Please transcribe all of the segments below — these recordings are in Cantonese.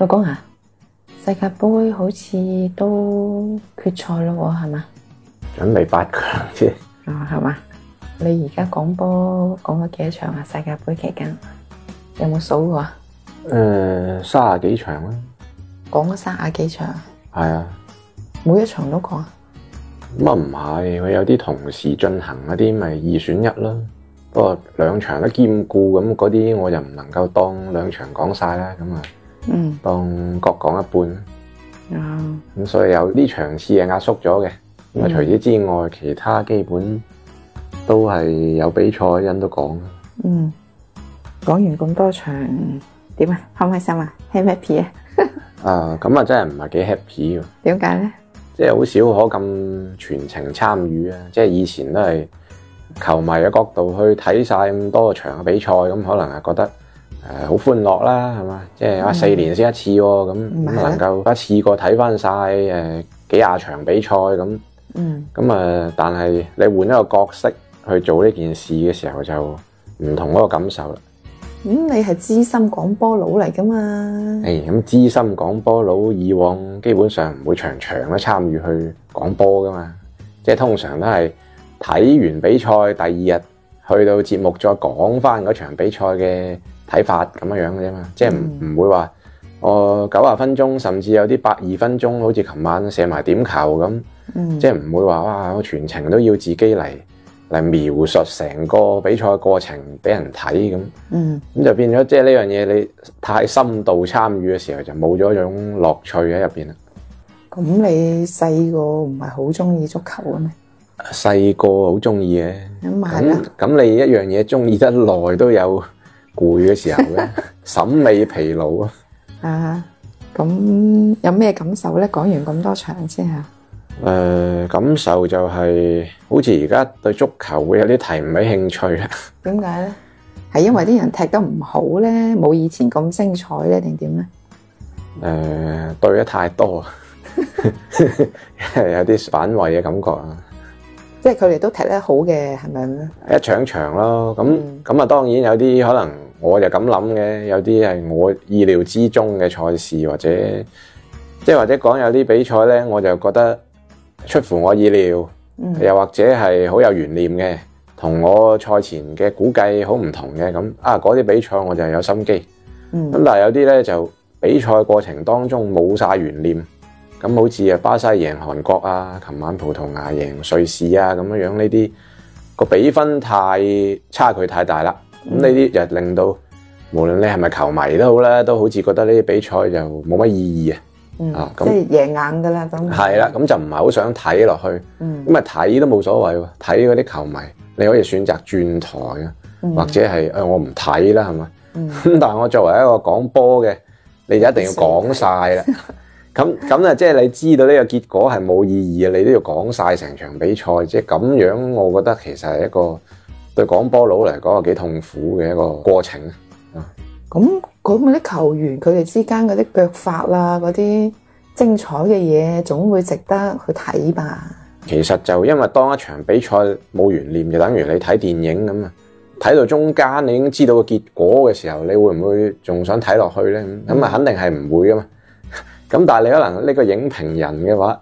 老公啊，世界杯好似都決賽咯，係嘛？準備八強啫 、哦，係嘛？你而家講波講咗幾多場啊？世界杯期間有冇數過？卅幾場啦。講咗卅幾場？係啊。每一場都講啊？咁啊唔係，佢有啲同時進行嗰啲咪二選一啦。不過兩場都兼顧咁嗰啲，我就唔能夠當兩場講晒啦。嗯，當各講一半，咁所以有呢場次係壓縮咗嘅。咁啊，除此之外，其他基本都係有比賽嘅人都講。嗯，講完咁多場，點啊？開唔開心啊？Happy happy 啊？啊，咁啊，真係唔係幾 happy 啊？點解咧？即係好少可咁全程參與啊！即係以前都係球迷嘅角度去睇晒咁多場嘅比賽，咁可能係覺得。誒，好、呃、歡樂啦，係嘛？即係啊，四年先一次咁、哦，嗯、能夠一次過睇翻晒誒，幾廿場比賽咁。嗯，咁啊、呃，但係你換一個角色去做呢件事嘅時候，就唔同嗰個感受啦。咁、嗯、你係資深廣播佬嚟噶嘛？誒、哎，咁、嗯、資深廣播佬以往基本上唔會場場都參與去廣播噶嘛，即係通常都係睇完比賽第二日去到節目再講翻嗰場比賽嘅。睇法咁樣樣嘅啫嘛，即係唔唔會話哦，九十分鐘，甚至有啲百二分鐘，好似琴晚寫埋點球咁，嗯、即係唔會話哇，我全程都要自己嚟嚟描述成個比賽過程俾人睇咁，咁、嗯、就變咗即係呢樣嘢你太深度參與嘅時候就冇咗一種樂趣喺入邊啦。咁你細個唔係好中意足球嘅咩？細個好中意嘅，咁咁你一樣嘢中意得耐都，都有。 攰嘅時候咧，審美疲勞啊。啊，咁有咩感受咧？講完咁多場先啊。誒，感受就係好似而家對足球會有啲提唔起興趣啊。點解咧？係因為啲人踢得唔好咧，冇以前咁精彩咧，定點咧？誒，對得太多，有啲反胃嘅感覺啊。即係佢哋都踢得好嘅，係咪啊？一場場咯，咁咁啊，嗯、當然有啲可能，我就咁諗嘅，有啲係我意料之中嘅賽事，或者即係、嗯、或者講有啲比賽咧，我就覺得出乎我意料，又或者係好有懸念嘅，我賽同我賽前嘅估計好唔同嘅，咁啊嗰啲比賽我就有心機，咁、嗯、但係有啲咧就比賽過程當中冇晒懸念。咁好似啊，巴西贏韓國啊，琴晚葡萄牙贏瑞士啊，咁樣樣呢啲個比分太差距太大啦，咁呢啲就令到無論你係咪球迷都好啦，都好似覺得呢啲比賽就冇乜意義，嗯、啊，啊，即係贏硬噶啦咁，係啦，咁就唔係好想睇落去，咁啊睇都冇所謂，睇嗰啲球迷你可以選擇轉台啊，嗯、或者係誒、哎、我唔睇啦係嘛，咁、嗯、 但係我作為一個講波嘅，你就一定要講晒啦。咁咁啊，即係你知道呢個結果係冇意義啊，你都要講晒成場比賽，即係咁樣，我覺得其實係一個對講波佬嚟講係幾痛苦嘅一個過程啊。嗯，那那啊。咁咁嗰啲球員佢哋之間嗰啲腳法啦，嗰啲精彩嘅嘢，總會值得去睇吧。其實就因為當一場比賽冇懸念，就等於你睇電影咁啊。睇到中間你已經知道個結果嘅時候，你會唔會仲想睇落去咧？咁啊，肯定係唔會㗎嘛。咁但係你可能呢個影評人嘅話，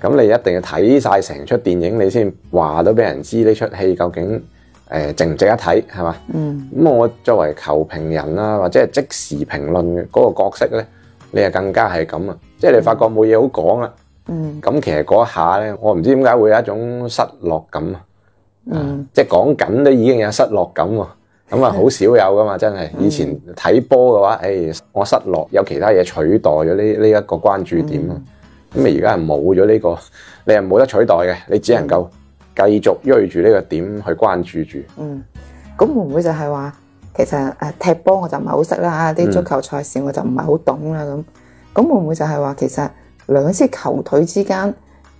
咁你一定要睇晒成出電影，你先話到俾人知呢出戲究竟誒、呃、值唔值得睇，係嘛？咁、嗯、我作為球評人啦、啊，或者係即時評論嗰個角色咧，你就更加係咁啊！即係你發覺冇嘢好講啦。咁、嗯、其實嗰下咧，我唔知點解會有一種失落感、嗯、啊！即係講緊都已經有失落感喎。咁啊，好、 嗯、少有噶嘛，真係以前睇波嘅話，誒，我失落有其他嘢取代咗呢呢一個關注點。咁啊，而家係冇咗呢個，你係冇得取代嘅，你只能夠繼續追住呢個點去關注住。嗯，咁會唔會就係話，其實誒踢波我就唔係好識啦，啲足球賽事我就唔係好懂啦咁。咁會唔會就係話，其實兩支球隊、嗯、之間？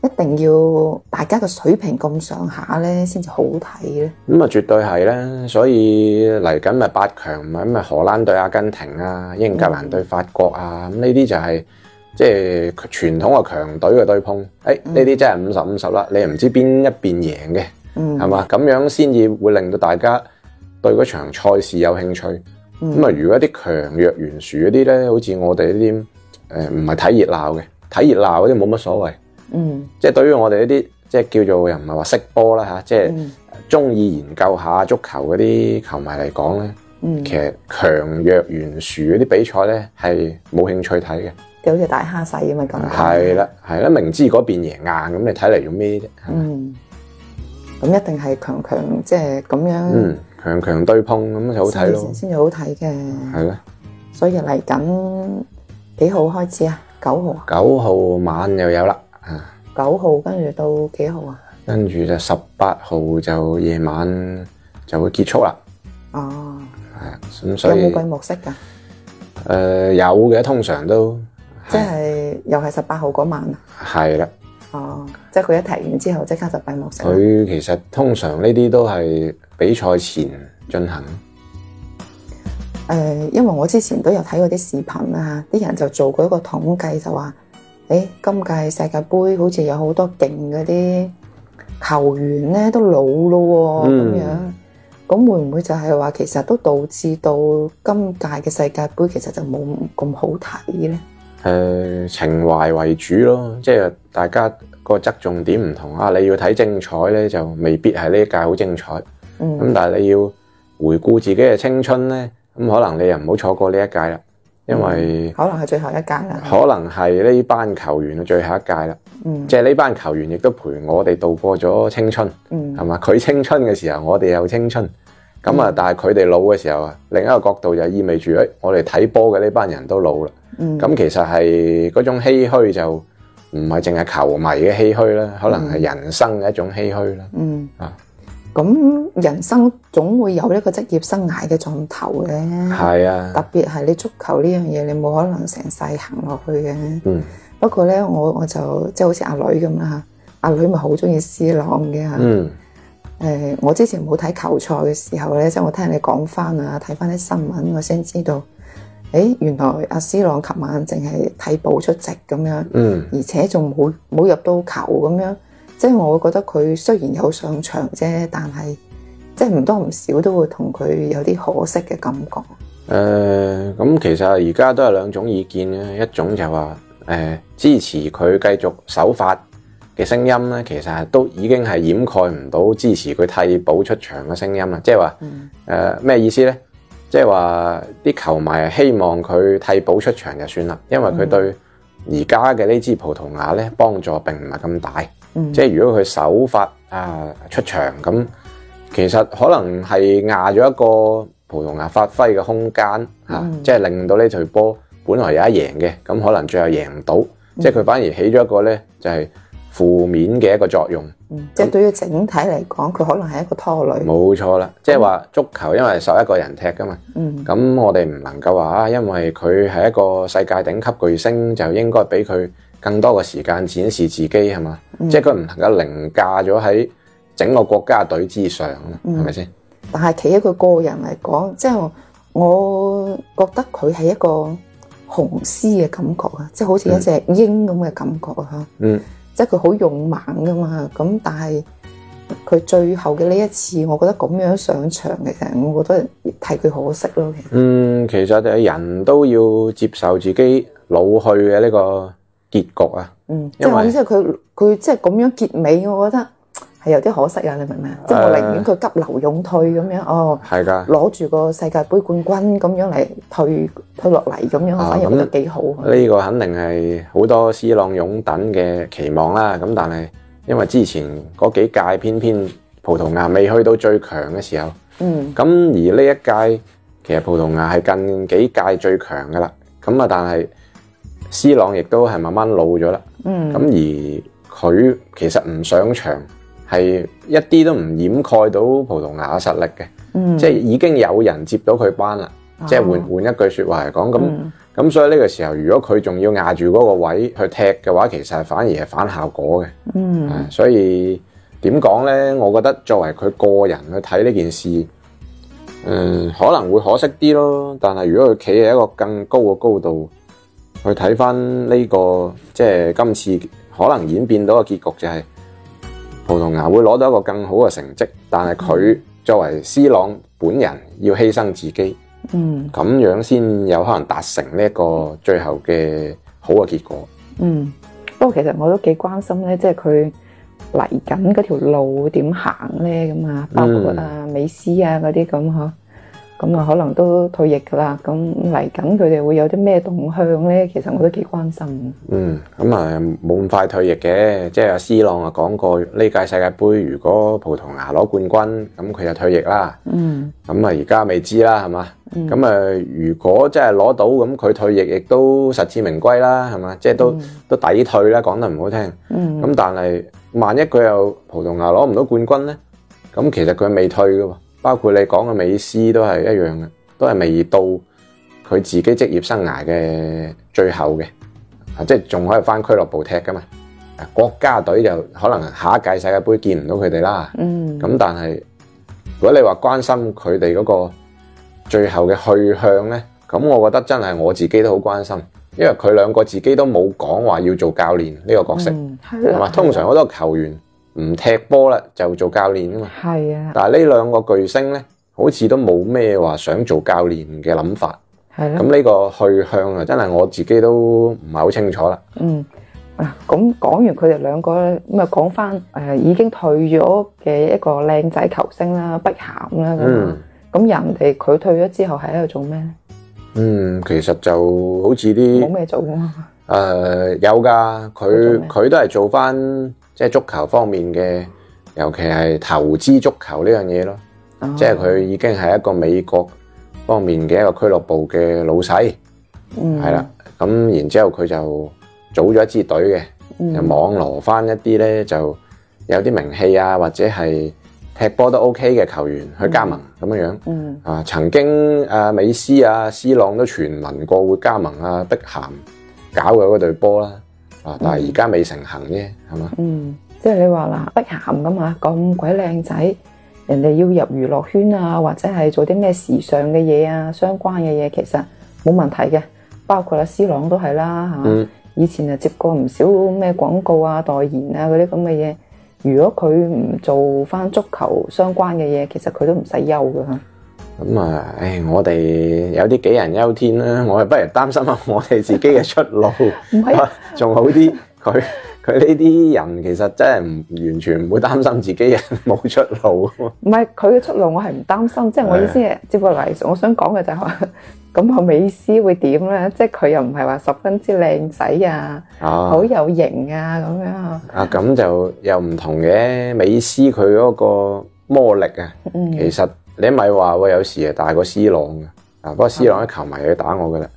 一定要大家嘅水平咁上下咧，先至好睇咧。咁啊、嗯，絕對係咧。所以嚟緊咪八強，咪咁咪荷蘭對阿根廷啊，英格蘭對法國啊，咁呢啲就係即係傳統嘅強隊嘅對碰。誒呢啲真係五十五十啦，你唔知邊一邊贏嘅，係嘛、嗯？咁樣先至會令到大家對嗰場賽事有興趣。咁啊、嗯，嗯、如果啲強弱懸殊嗰啲咧，好似我哋呢啲誒唔係睇熱鬧嘅，睇熱鬧嗰啲冇乜所謂。嗯，即係對於我哋呢啲即係叫做又唔係話識波啦吓，即係中意研究下足球嗰啲球迷嚟講咧，其實強弱懸殊嗰啲比賽咧係冇興趣睇嘅，好似大蝦仔咁嘅感覺係啦係啦，明知嗰邊贏硬咁，你睇嚟做咩啫？嗯，咁一定係強強即係咁樣，嗯，強強對碰咁就好睇咯，先至好睇嘅係啦。所以嚟緊幾號開始啊？九號，九號晚又有啦。啊，九號跟住到幾號啊？跟住就十八號就夜晚就會結束啦。哦，係咁，所以有冇閉幕式噶？誒、呃，有嘅，通常都即係是、哎、又係十八號嗰晚。係啦的。哦，即係佢一踢完之後，即刻就閉幕式。佢其實通常呢啲都係比賽前進行。誒、呃，因為我之前都有睇過啲視頻啊，啲人就做過一個統計，就話。誒，今屆世界杯好似有好多勁嗰啲球員咧，都老咯咁樣，咁會唔會就係話其實都導致到今屆嘅世界杯其實就冇咁好睇咧？誒，情懷為主咯，即係大家個側重點唔同啊。你要睇精彩咧，就未必係呢一屆好精彩。嗯。咁但係你要回顧自己嘅青春咧，咁可能你又唔好錯過呢一屆啦。因為可能係最後一屆啦，可能係呢班球員嘅最後一屆啦，嗯，即係呢班球員亦都陪我哋度過咗青春，嗯，係嘛，佢青春嘅時候，我哋有青春，咁啊，嗯、但係佢哋老嘅時候啊，另一個角度就意味住，誒，我哋睇波嘅呢班人都老啦，嗯，咁其實係嗰種唏嘘就唔係淨係球迷嘅唏嘘啦，可能係人生嘅一種唏嘘啦，嗯啊。嗯咁人生總會有一個職業生涯嘅盡頭嘅，係啊！特別係你足球呢樣嘢，你冇可能成世行落去嘅。嗯。不過咧，我我就即係好似阿女咁啦嚇，阿女咪好中意 C 朗嘅嚇。嗯。誒、欸，我之前冇睇球賽嘅時候咧，即係我聽你講翻啊，睇翻啲新聞，我先知道，誒、欸，原來阿 C 朗琴晚淨係睇報出席咁樣，嗯，而且仲冇冇入到球咁樣。即係我會覺得佢雖然有上場啫，但係即係唔多唔少都會同佢有啲可惜嘅感覺。誒、呃，咁其實而家都有兩種意見咧，一種就話誒、呃、支持佢繼續首發嘅聲音咧，其實都已經係掩蓋唔到支持佢替補出場嘅聲音啊。即係話誒咩意思咧？即係話啲球迷希望佢替補出場就算啦，因為佢對而家嘅呢支葡萄牙咧幫助並唔係咁大。即係如果佢首發啊出場咁，其實可能係壓咗一個葡萄牙發揮嘅空間嚇，即係令到呢隊波本來有得贏嘅，咁可能最後贏唔到，即係佢反而起咗一個呢就係負面嘅一個作用。即係對於整體嚟講，佢可能係一個拖累。冇錯啦，即係話足球因為十一個人踢噶嘛，咁我哋唔能夠話啊，因為佢係一個世界頂級巨星，就應該俾佢。更多嘅時間展示自己係嘛，嗯、即係佢唔能夠凌駕咗喺整個國家隊之上，係咪先？吧但係企喺佢個人嚟講，即係我覺得佢係一個雄獅嘅感覺啊，即係好似一隻鷹咁嘅感覺啊，嚇、嗯，即係佢好勇猛噶嘛。咁但係佢最後嘅呢一次，我覺得咁樣上場其實我覺得替佢可惜咯。嗯，其實我哋人都要接受自己老去嘅呢、呢個。結局啊，嗯，即係即係佢佢即係咁樣結尾，我覺得係有啲可惜啊！你明唔明？即係我寧願佢急流勇退咁樣哦，係噶，攞住個世界杯冠軍咁樣嚟，退退落嚟咁樣，我反而覺得幾好。呢個肯定係好多 C 朗擁躉嘅期望啦。咁但係因為之前嗰幾屆偏偏葡萄牙未去到最強嘅時候，嗯，咁而呢一屆其實葡萄牙係近幾屆最強噶啦。咁啊，但係。C 朗亦都係慢慢老咗啦，咁、嗯、而佢其實唔上場係一啲都唔掩蓋到葡萄牙嘅實力嘅，嗯、即係已經有人接到佢班啦。啊、即係換換一句説話嚟講，咁咁、嗯、所以呢個時候，如果佢仲要壓住嗰個位去踢嘅話，其實反而係反效果嘅。嗯、啊，所以點講呢？我覺得作為佢個人去睇呢件事，誒、嗯、可能會可惜啲咯。但係如果佢企喺一個更高嘅高度，去睇翻呢個即係今次可能演變到嘅結局就係、是、葡萄牙會攞到一個更好嘅成績，但係佢作為 C 朗本人要犧牲自己，嗯，咁樣先有可能達成呢一個最後嘅好嘅結果嗯。嗯，不過其實我都幾關心咧，即係佢嚟緊嗰條路點行咧，咁啊，包括啊、嗯、美斯啊嗰啲咁呵。咁啊，可能都退役噶啦。咁嚟緊佢哋會有啲咩動向咧？其實我都幾關心。嗯，咁啊，冇咁快退役嘅。即係 C 朗啊，講過呢屆世界盃如果葡萄牙攞冠軍，咁佢就退役啦。嗯。咁啊，而家未知啦，係嘛？咁啊，如果即係攞到，咁佢退役亦都實至名歸啦，係嘛？即係都都抵退啦，講得唔好聽。嗯。咁但係萬一佢又葡萄牙攞唔到冠軍咧，咁其實佢未退噶。包括你講嘅美斯都係一樣嘅，都係未到佢自己職業生涯嘅最後嘅，啊，即係仲可以翻俱樂部踢噶嘛。啊，國家隊就可能下一屆世界盃見唔到佢哋啦。嗯，咁但係如果你話關心佢哋嗰個最後嘅去向咧，咁我覺得真係我自己都好關心，因為佢兩個自己都冇講話要做教練呢個角色，係嘛？同埋通常好多球員。唔踢波啦，就做教練啊嘛。係啊。但係呢兩個巨星咧，好似都冇咩話想做教練嘅諗法。係咯。咁呢個去向啊，真係我自己都唔係好清楚啦。嗯。啊，咁講完佢哋兩個咧，咁啊講翻誒，已經退咗嘅一個靚仔球星啦，碧咸啦咁啊。嗯。咁人哋佢退咗之後係喺度做咩？嗯，其實就好似啲冇咩做嘅。誒，有噶，佢佢都係做翻。即係足球方面嘅，尤其係投資足球呢樣嘢咯。Oh. 即係佢已經係一個美國方面嘅一個俱樂部嘅老細，係啦、mm.。咁然之後佢就組咗一支隊嘅，mm. 就網羅翻一啲咧就有啲名氣啊，或者係踢波都 OK 嘅球員去加盟咁樣、mm. 樣。Mm. 啊，曾經啊，美斯啊 C 朗都傳聞過會加盟啊，碧、mm. 啊、咸搞嘅嗰隊波啦。但係而家未成行咧，係嘛、嗯？嗎嗯，即係你話嗱，碧咸噶嘛，咁鬼靚仔，人哋要入娛樂圈啊，或者係做啲咩時尚嘅嘢啊，相關嘅嘢，其實冇問題嘅。包括阿 C 朗都係啦，吓、嗯，以前啊接過唔少咩廣告啊、代言啊嗰啲咁嘅嘢。如果佢唔做翻足球相關嘅嘢，其實佢都唔使憂噶。咁啊，唉，我哋有啲杞人憂天啦，我哋不如擔心下我哋自己嘅出路，唔係仲 是好啲。佢佢呢啲人其實真係唔完全唔會擔心自己嘅冇出路。唔係佢嘅出路，我係唔擔心，即係我意思係 接落嚟，我想講嘅就係、是、話，咁 阿美斯會點咧？即係佢又唔係話十分之靚仔啊，好有型啊咁樣啊。咁就又唔同嘅，美斯佢嗰個魔力啊，嗯、其實。你咪話喎，有時大啊大過 C 朗啊，不過 C 朗啲球迷去打我噶啦，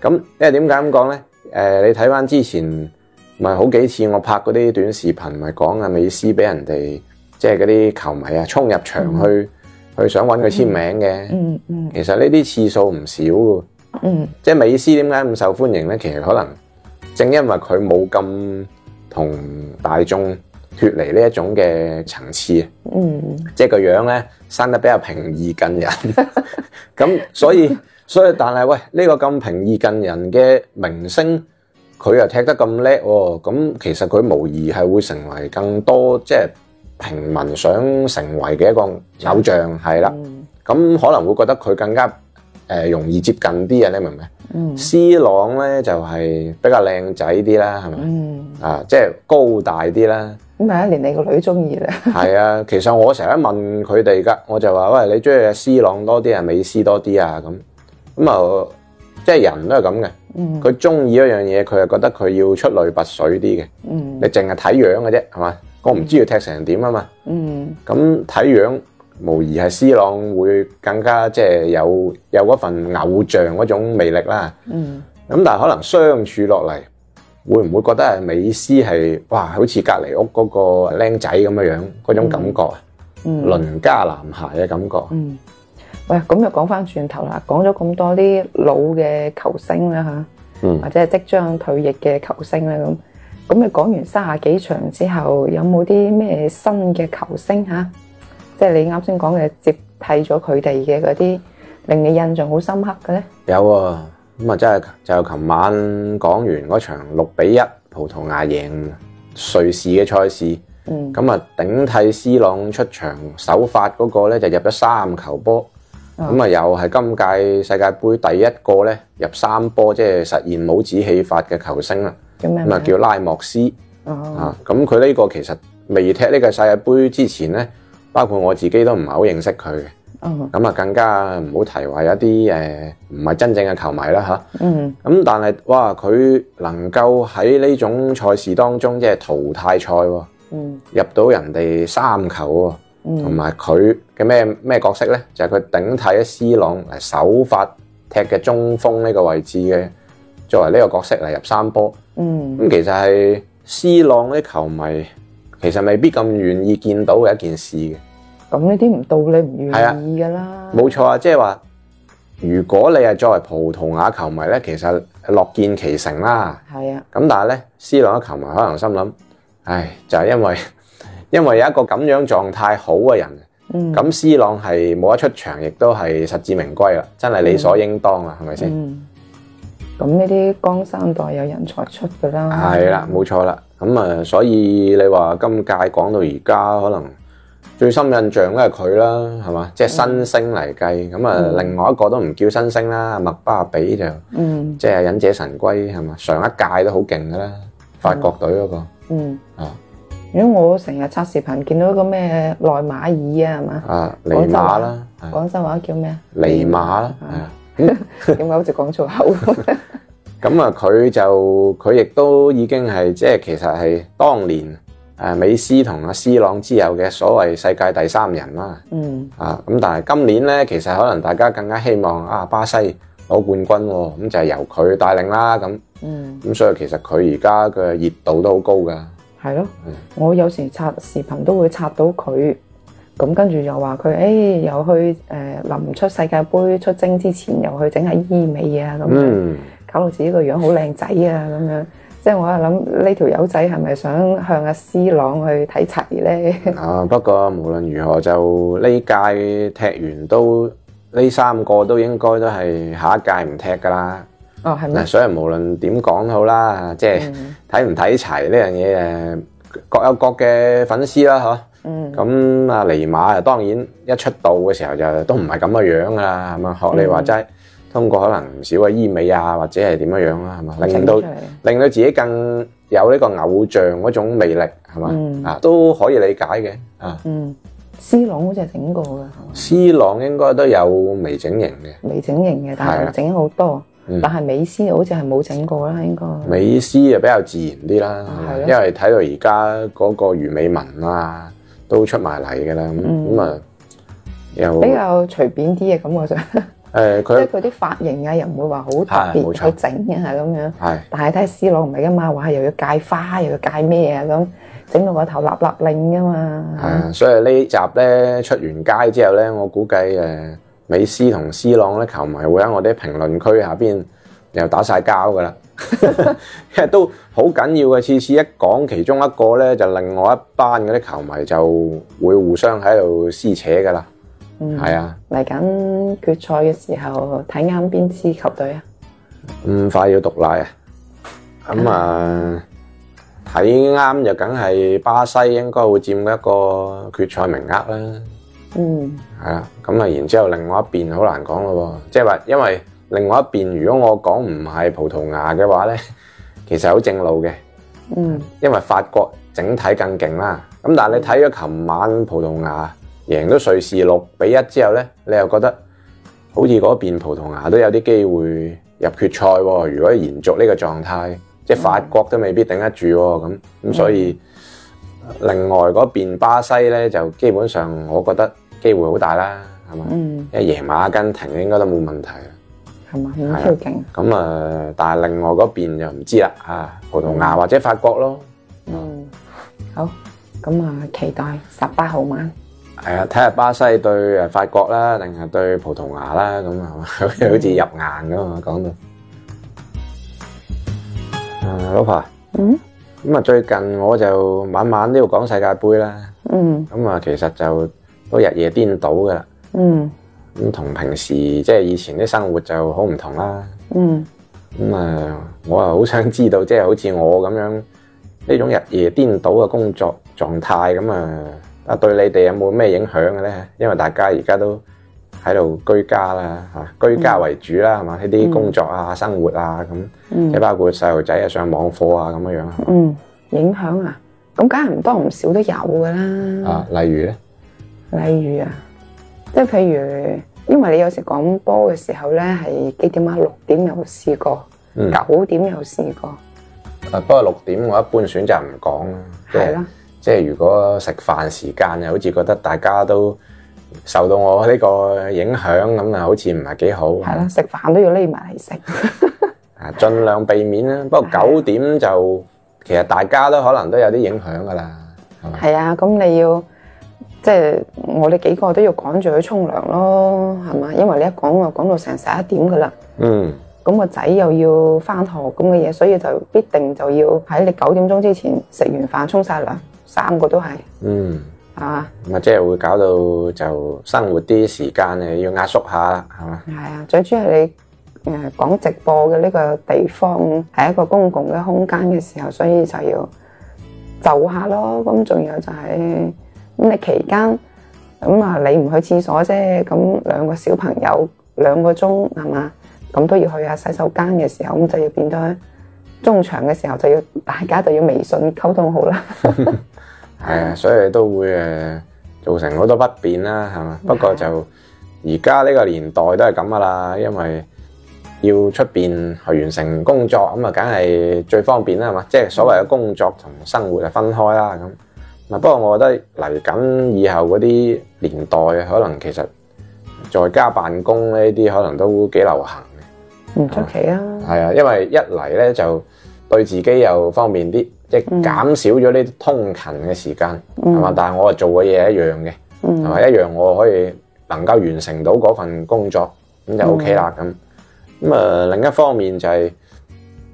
咁 因為點解咁講咧？誒、呃，你睇翻之前咪好幾次我拍嗰啲短視頻，啊，咪講啊美斯俾人哋即係嗰啲球迷啊衝入場去，嗯、去想揾佢簽名嘅，嗯嗯，其實呢啲次數唔少嘅，嗯，即、嗯、係、嗯嗯、美斯點解咁受歡迎咧？其實可能正因為佢冇咁同大眾，脫離呢一種嘅層次，嗯，即係個樣咧生得比較平易近人，咁所以所以但係喂，呢個咁平易近人嘅明星，佢又踢得咁叻喎，咁其實佢無疑係會成為更多即係平民想成為嘅一個偶像係啦，咁可能會覺得佢更加誒容易接近啲啊，你明唔明？嗯，C 朗咧就係比較靚仔啲啦，係咪？嗯，啊即係高大啲啦。咁一年你個女中意咧？係啊，其實我成日問佢哋噶，我就話喂，你中意阿 C 朗多啲啊，美斯多啲啊咁。咁啊，即係人都係咁嘅。嗯。佢中意一樣嘢，佢係覺得佢要出類拔萃啲嘅。嗯。你淨係睇樣嘅啫，係嘛？我唔知要踢成點啊嘛。嗯。咁睇樣，無疑係 C 朗會更加即係有有份偶像嗰種魅力啦。嗯。咁但係可能相處落嚟。會唔會覺得係美斯係哇，好似隔籬屋嗰個僆仔咁樣樣嗰種感覺啊，鄰家男孩嘅感覺。喂，咁又講翻轉頭啦，講咗咁多啲老嘅球星咧吓，或者係即將退役嘅球星咧，咁咁你講完三十幾場之後，有冇啲咩新嘅球星吓？即係你啱先講嘅接替咗佢哋嘅嗰啲令你印象好深刻嘅咧？有啊。咁啊，真係就琴晚講完嗰場六比一葡萄牙贏瑞士嘅賽事，咁啊、嗯、頂替斯朗出場首發嗰個咧就入咗三球波，咁啊、哦、又係今屆世界盃第一個咧入三波，即係實現帽子戲法嘅球星啦。叫咩名？咁啊叫拉莫斯。哦、啊，咁佢呢個其實未踢呢個世界盃之前咧，包括我自己都唔係好認識佢嘅。哦，咁啊更加唔好提為一啲誒唔係真正嘅球迷啦吓，嗯，咁但係哇佢能夠喺呢種賽事當中即係淘汰賽，嗯，入到人哋三球，嗯，同埋佢嘅咩咩角色咧，就係佢頂替咗 C 朗嚟首發踢嘅中鋒呢個位置嘅，作為呢個角色嚟入三波，嗯，咁其實係 C 朗啲球迷其實未必咁願意見到嘅一件事嘅。咁呢啲唔到你唔願意噶啦，冇錯啊！即係話，如果你係作為葡萄牙球迷咧，其實樂見其成啦。係啊，咁但係咧，C 朗嘅球迷可能心諗，唉，就係因為因為有一個咁樣狀態好嘅人，咁 C 朗係冇得出場，亦都係實至名歸啦，真係理所應當啦，係咪先？咁呢啲江山代有人才出噶啦，係啦，冇錯啦。咁啊，所以你話今屆講到而家，可能。最深印象都係佢啦，係嘛？即係新星嚟計，咁啊，另外一個都唔叫新星啦，麥巴比就，嗯，即係忍者神龜係嘛？上一屆都好勁㗎啦，法國隊嗰、嗰個，嗯啊。嗯是如果我成日刷視頻，見到一個咩內馬爾啊，係嘛？啊，尼馬啦，廣州話叫咩啊？尼馬啦，點解 好似講粗口咁？啊， 佢就佢亦都已經係即係其實係當年。誒美斯同阿 C 朗之後嘅所謂世界第三人啦，嗯，啊咁，但係今年呢，其實可能大家更加希望啊巴西攞冠軍喎，哦，咁就係由佢帶領啦，咁，嗯，咁、嗯、所以其實佢而家嘅熱度都好高噶，係咯的，嗯、我有時刷視頻都會刷到佢，咁跟住又話佢，誒、哎、又去誒臨、呃、出世界盃出征之前又去整下醫美啊，咁，嗯，搞到自己個樣好靚仔啊，咁樣。即係我係諗呢條友仔係咪想向阿 C 朗去睇齊咧？啊！不過無論如何，就呢屆踢完都呢三個都應該都係下一屆唔踢噶啦。哦，係咪？嗱，所以無論點講都好啦，即係睇唔睇齊呢樣嘢誒，各有各嘅粉絲啦，嗬。嗯。咁阿尼馬啊，當然一出道嘅時候就都唔係咁嘅樣啦，係嘛，學你話齋。通過可能唔少嘅醫美啊，或者係點樣啊，係嘛，令到令到自己更有呢個偶像嗰種魅力，係嘛啊，都可以理解嘅啊。嗯，C 朗好似係整過噶。C 朗應該都有微整形嘅，微整形嘅，但係整好多，但係美斯好似係冇整過啦，應該。美斯就比較自然啲啦，因為睇到而家嗰個魚尾紋啊都出埋嚟噶啦，咁咁啊又比較隨便啲嘅感覺上。誒佢即係佢啲髮型啊，又唔會話好特別，冇錯整嘅係咁樣。係，但係睇 C 朗唔係噶嘛，話又要戒花，又要戒咩啊咁，整到個頭立立令噶嘛。係啊，所以呢集咧出完街之後咧，我估計誒美斯同 C 朗啲球迷會喺我哋評論區下邊又打曬交噶啦。因為都好緊要嘅，次次一講其中一個咧，就另外一班嗰啲球迷就會互相喺度撕扯噶啦。係啊，嚟緊決賽嘅時候睇啱邊支球隊啊？唔快要毒奶啊！咁啊，睇啱就梗係巴西，應該會佔一個決賽名額啦。嗯，係啦，咁啊，然之後另外一邊好難講咯喎。即係話，因為另外一邊如果我講唔係葡萄牙嘅話咧，其實好正路嘅。嗯，因為法國整體更勁啦。咁但係你睇咗琴晚葡萄牙？贏到瑞士六比一之後咧，你又覺得好似嗰邊葡萄牙都有啲機會入決賽喎、哦。如果延續呢個狀態，即係法國都未必頂得住喎、哦。咁咁所以，另外嗰邊巴西咧就基本上，我覺得機會好大啦，係嘛？嗯、一贏馬阿根廷應該都冇問題嘅，係嘛？咁好勁。咁啊，但係另外嗰邊就唔知啦。啊，葡萄牙或者法國咯。嗯，嗯，好。咁啊，期待十八號晚。係啊，睇下巴西對誒法國啦，定係對葡萄牙啦，咁啊， 好似入眼噶嘛，講到。誒、uh，老婆。嗯、mm。咁啊，最近我就晚晚都要講世界杯啦。嗯、mm。咁啊，其實就都日夜顛倒噶啦。嗯、mm。咁、hmm. 同平時即係、就是、以前啲生活就好唔同啦。嗯、mm。咁、hmm. 啊，我啊好想知道，即、就、係、是、好似我咁樣呢種日夜顛倒嘅工作狀態咁啊。啊，對你哋有冇咩影響嘅咧？因為大家而家都喺度居家啦，嚇，居家為主啦，係嘛？呢啲工作啊、生活啊，咁即係包括細路仔啊上網課啊，咁樣樣。嗯，影響啊，咁梗係唔多唔少都有噶啦。啊，例如咧？例如啊，即係譬如，因為你有時講波嘅時候咧，係幾點啊？六點有試過，九點有試過。誒，不過六點我一般選擇唔講啦。係咯。即係如果食飯時間，又好似覺得大家都受到我呢個影響咁啊，好似唔係幾好。係啦，食飯都要匿埋嚟食啊，儘量避免啦。不過九點就其實大家都可能都有啲影響㗎啦。係啊，咁你要即係我哋幾個都要趕住去沖涼咯，係嘛？因為你一講啊，講到成十一點㗎啦。嗯，咁個仔又要返學咁嘅嘢，所以就必定就要喺你九點鐘之前食完飯沖晒涼。三個都係，嗯，係嘛？咁啊，即係會搞到就生活啲時間咧，你要壓縮下啦，係嘛？係啊，最主要係你誒講直播嘅呢個地方係一個公共嘅空間嘅時候，所以就要就下咯。咁仲有就係咁你期間咁啊，你唔去廁所啫，咁兩個小朋友兩個鐘係嘛？咁都要去下洗手間嘅時候，咁就要變咗。中場嘅時候就要大家就要微信溝通好啦。係啊，所以都會誒造成好多不便啦，係嘛。不過就而家呢個年代都係咁噶啦，因為要出邊去完成工作咁啊，梗係最方便啦嘛。即係所謂嘅工作同生活係分開啦咁。不過我覺得嚟緊以後嗰啲年代可能其實在家辦公呢啲可能都幾流行嘅。唔出奇啊。係啊，因為一嚟咧就。對自己又方便啲，即係減少咗呢通勤嘅時間，係嘛？嗯。但係我做嘅嘢一樣嘅，係嘛？嗯。一樣我可以能夠完成到嗰份工作，咁就 OK 啦。咁咁啊，另一方面就係、係、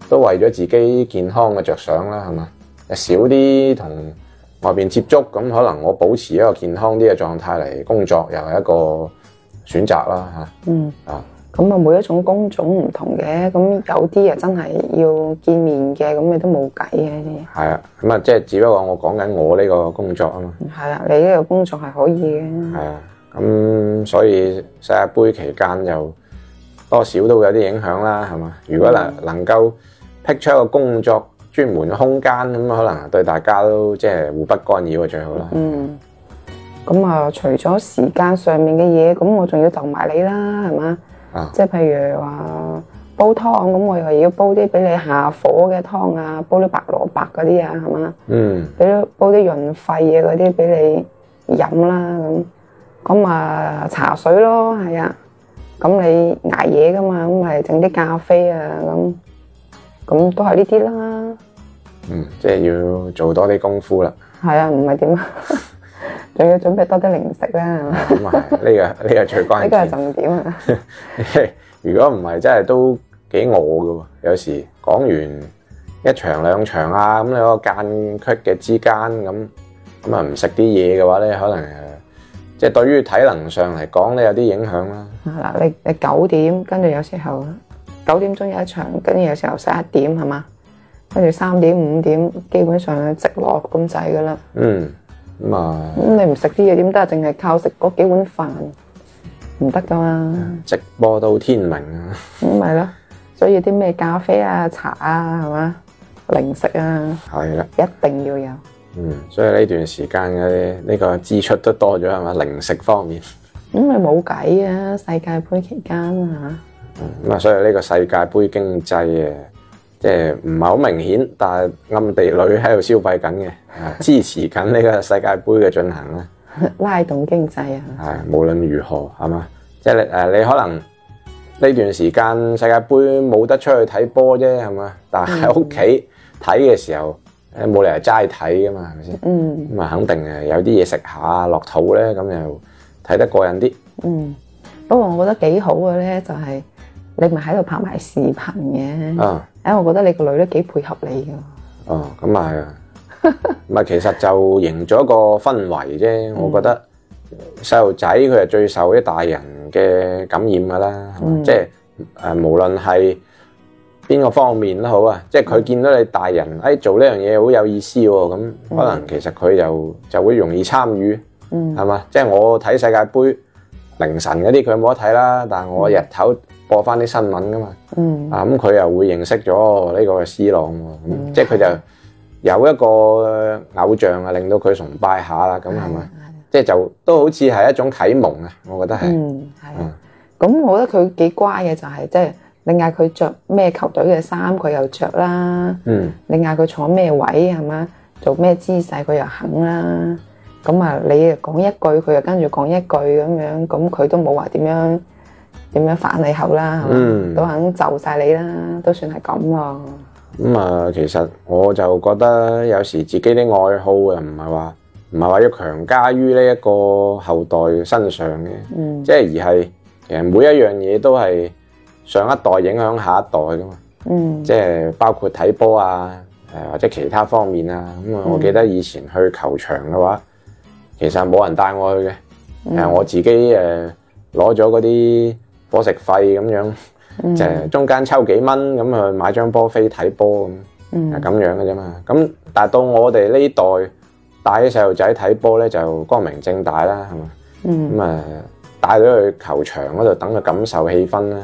都為咗自己健康嘅着想啦，係嘛？少啲同外邊接觸，咁可能我保持一個健康啲嘅狀態嚟工作，又係一個選擇啦，嚇。嗯。啊。咁啊，每一種工種唔同嘅。咁有啲啊真係要見面嘅，咁你都冇計嘅。係啊，咁啊，即係只不過我講緊我呢個工作啊嘛。係啦，你呢個工作係可以嘅。係啊，咁所以世界杯期間又多少都會有啲影響啦，係嘛？如果能能夠闢出一個工作專門嘅空間，咁可能對大家都即係互不干擾嘅最好啦。嗯，咁啊，除咗時間上面嘅嘢，咁我仲要就埋你啦，係嘛？即係譬如話煲湯咁，我又要煲啲俾你下火嘅湯、嗯、啊，煲啲白蘿蔔嗰啲啊，係嘛？嗯，俾啲煲啲潤肺嘢嗰啲俾你飲啦，咁咁啊茶水咯，係啊，咁你捱嘢噶嘛，咁咪整啲咖啡啊，咁咁都係呢啲啦。嗯，即係要做多啲功夫啦。係啊，唔係點啊？ 仲要準備多啲零食啦，咁啊，呢個呢個最關呢個係重點啊！如果唔係，真係都幾餓噶。有時講完一場兩場啊，咁你個間隙嘅之間咁咁啊，唔食啲嘢嘅話咧，可能誒，即係對於體能上嚟講咧有啲影響啦。係啦，你你九點，跟住有時候九點鐘有一場，跟住有時候十一點係嘛，跟住三點五點，基本上係直落咁滯噶啦。嗯。咁啊！咁你唔食啲嘢點得啊？淨係靠食嗰幾碗飯唔得噶嘛！直播到天明啊！咁咪咯，所以啲咩咖啡啊、茶啊，係嘛零食啊，係啦、嗯，一定要有。嗯，所以呢段時間嘅呢個支出都多咗，係嘛零食方面。咁你冇計啊！世界杯期間啊，咁、嗯、啊，所以呢個世界杯經濟啊！即係唔係好明顯，但係暗地裏喺度消費緊嘅，支持緊呢個世界杯嘅進行啦， 拉動經濟啊。係無論如何係嘛，即係誒，你可能呢段時間世界杯冇得出去睇波啫，係嘛，但係喺屋企睇嘅時候，誒冇、嗯、理由齋睇噶嘛，係咪先？嗯，咁啊肯定誒有啲嘢食下落肚咧，咁又睇得過癮啲。嗯，不過我覺得幾好嘅咧，就係你咪喺度拍埋視頻嘅。嗯。誒，我覺得你個女都幾配合你噶。哦，咁啊係啊，咪 其實就營咗一個氛圍啫。嗯、我覺得細路仔佢係最受啲大人嘅感染噶啦，即係誒，無論係邊個方面都好啊，即係佢見到你大人，誒、哎，做呢樣嘢，好有意思喎，咁可能其實佢就、嗯、就會容易參與，係嘛、嗯？即係、即係、我睇世界杯凌晨嗰啲佢冇得睇啦，但我日頭。播翻啲新聞噶嘛，啊咁佢又會認識咗呢個 C 朗喎，即係佢就有一個偶像啊，令到佢崇拜下啦，咁係咪？即係就都好似係一種啟蒙啊，我覺得係。嗯，係啊。咁我覺得佢幾乖嘅，就係即係你嗌佢著咩球隊嘅衫，佢又著啦。嗯。你嗌佢坐咩位係嘛？做咩姿勢佢又肯啦。咁啊，你講一句佢又跟住講一句咁樣，咁佢都冇話點樣。點樣反你口啦？嗯、都肯就晒你啦，都算係咁咯。咁啊、嗯，其實我就覺得有時自己啲愛好啊，唔係話唔係話要強加於呢一個後代身上嘅，即係、嗯、而係其實每一樣嘢都係上一代影響下一代噶嘛。即係、嗯、包括睇波啊，誒或者其他方面啊。咁啊、嗯，我記得以前去球場嘅話，其實冇人帶我去嘅，係、嗯、我自己誒攞咗嗰啲。呃伙食費咁樣，嗯、就中間抽幾蚊咁去買張波飛睇波咁，係咁、嗯、樣嘅啫嘛。咁但係到我哋呢代帶啲細路仔睇波咧，就光明正大啦，係嘛。咁啊、嗯，帶佢、嗯、去球場嗰度等佢感受氣氛啦。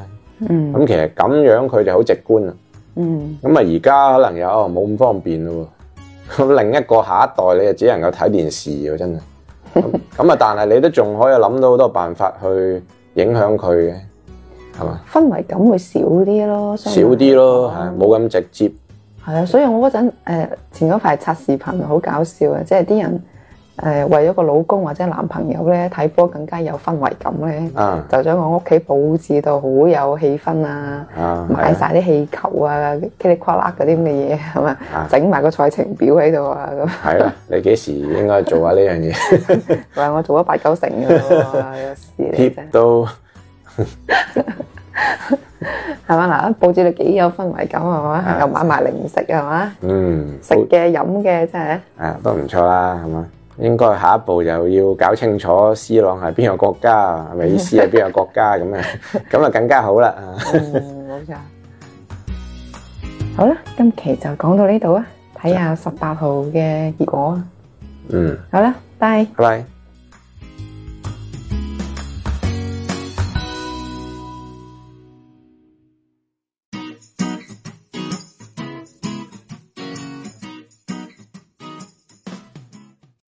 咁、嗯、其實咁樣佢就好直觀啊。咁啊、嗯，而家可能又冇咁方便咯。咁 另一個下一代你就只能夠睇電視咯，真係。咁啊，但係你都仲可以諗到好多辦法去影響佢嘅。氛圍感會少啲咯，少啲咯，係冇咁直接。係啊，所以我嗰陣誒前嗰排刷視頻好搞笑嘅，即係啲人誒為咗個老公或者男朋友咧睇波更加有氛圍感咧，就將我屋企布置到好有氣氛啊，買晒啲氣球啊，噼里呱啦嗰啲咁嘅嘢係嘛，整埋個賽程表喺度啊咁。係咯，你幾時應該做下呢樣嘢？我做咗八九成嘅喎，有時都。係嘛嗱，布置到幾有氛圍感係嘛，又買埋零食係嘛，嗯，食嘅飲嘅真係，啊都唔錯啦係嘛，應該下一步就要搞清楚 C 朗係邊個國家，美斯係邊個國家咁嘅，咁啊更加好啦。嗯，冇錯。好啦，今期就講到呢度啊，睇下十八號嘅結果啊。嗯，好啦，拜，拜。